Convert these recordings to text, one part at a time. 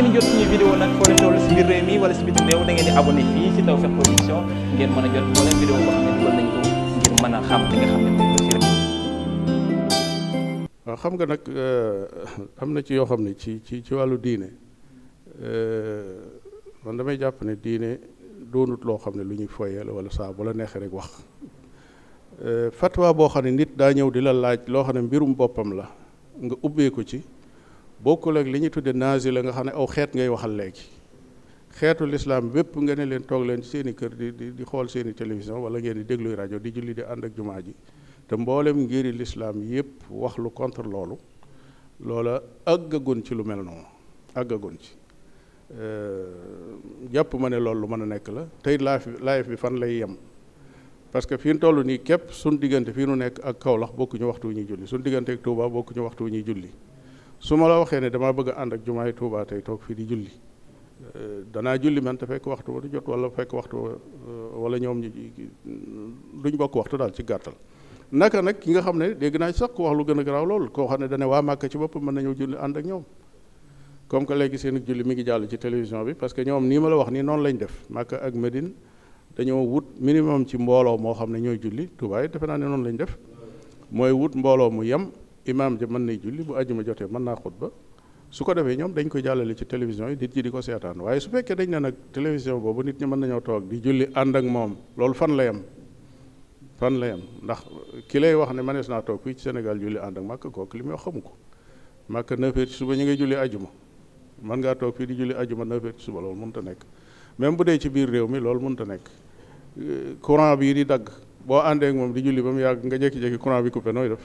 ngeen jot suñu vidéo nag foo leen si biir réew mi wala si biti réew da ngeen di abonné fii si Tawfekh Production ngeen mën a jot moo ne dugal nga xam nga nag euh, am na ci yoo xam ne ci ci ci wàllu diine euh, man damay jàpp ne diine doonut loo xam ne lu ñuy foyee la wala saa bu la neexee rek wax euh, fatwa boo xam ne nit daa ñëw di la laaj loo xam ne mbirum boppam la nga ubbee ko ci bokkul ak li ñuy tudde nazi la nga xam ne aw xeet ngay waxal léegi xeetu lislaam bépp nga ne leen toog leen ci seen i kër di di xool seen i télévision wala ngeen di dégluy rajo di julli di ànd ak jumaa ji te mboolem ngiri lislaam yépp wax lu contre loolu loola àggagun ci lu mel na noonu àggagun ci euh, jàpp ma ne loolu lu mën a nekk la tey laaf laayef bi fan lay yem parce que fi ñu toll nii képp suñ diggante fii nu nekk ak Kaolack bokkuñu waxtu wu ñu julli su diggante ak Touba bokkuñu waxtu wu ñuy julli su ma la waxee ne damaa bëgg a ànd ak jumaay Touba tey toog fii di julli euh, danaa julli man te fekk waxtu ba du jot wala fekk waxtu euh, wala ñoom ñu duñ bokk waxtu daal ci gàttal naka nag ki nga xam ne dégg naa sax ku wax lu gën a garaaw lool koo xam ne dane waa Màkka ci boppam mën ñëw julli ànd ak ñoom comme que léegi seen julli mi ngi jàll ci télévision bi parce que ñoom nii ma la wax nii noonu lañ def Màkka ak Medine dañoo wut minimum ci mbooloo moo xam ne ñooy julli Touba yi ne noonu lañ def mooy wut mbooloo mu yem imaam ja mën nay julli bu àjjuma jotee mën naa xutba su ko defee ñoom dañ koy jàllale ci télévision yi nit ñi di ko seetaan waaye su fekkee dañ ne nag télévision boobu nit ñi mën nañoo toog di julli ànd ak moom loolu fan la yem fan la yem ndax ki lay wax ne manees naa toog fii ci Sénégal julli ànd ak màkk li muy wax xamu ko màkk 9h ci suba ñu ngay julli àjjuma mën ngaa toog fii di julli àjjuma 9h ci suba loolu mënut a nekk même bu dee ci biir réew mi loolu mënut a nekk euh, courant bii di dagg boo àndee ak moom di julli ba mu yàgg nga jékki-jékki courant bi coupé nooy def.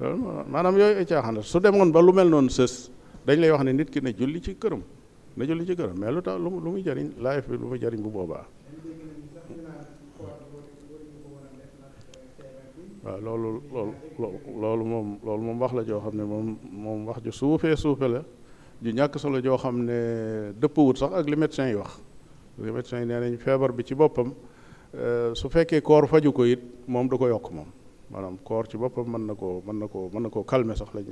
maanaam yooyu ay caaxaan la su demoon ba lu mel noonu sës dañ lay wax ne nit ki ne julli ci këram na julli ci këram mais lu tax lu jariñ laayef bi lu muy jariñ bu boobaa waaw loolu loolu loolu moom loolu moom wax la joo xam ne moom moom wax ju suufee suufe la ju ñàkk solo joo xam ne dëppwut sax ak li médecin yi wax li yi nee nañu feebar bi ci boppam euh, su fekkee koor faju ko it moom du ko yokk moom maanaam koor ci boppam mën na koo mën na koo mën na koo calmer sax lañ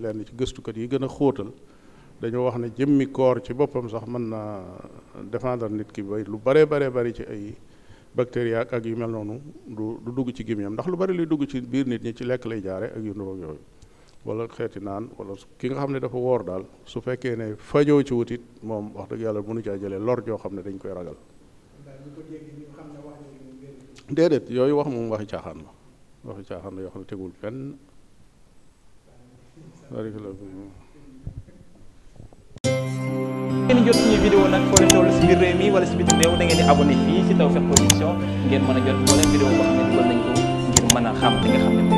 lenn ci gëstukat yi gën a xóotal dañoo wax ne jëmmi koor ci boppam sax mën na défendre nit ki bay lu bare bare bari ci ay bactéries ak yu mel noonu du du dugg ci gémmiñam ndax lu bari luy dugg ci biir nit ñi ci lekk lay jaare ak yu ndox ak yooyu wala xeeti naan wala ki nga xam ne dafa woor daal su fekkee ne fajoo ci wutit moom wax dëgg yàlla mënu caa jëlee lor joo xam ne dañ koy ragal déedéet yooyu wax moom waxi caaxaan la waxi caaxaan la yoo xam ne tegul fenn ngeen jot suñu vidéo nag foo leen toll si biir réew wala si bitim réew da ngeen di abonné fii si Tawfekh ngeen mën a jot moo leen vidéo boo xam ne dugal mën xam li nga xam ne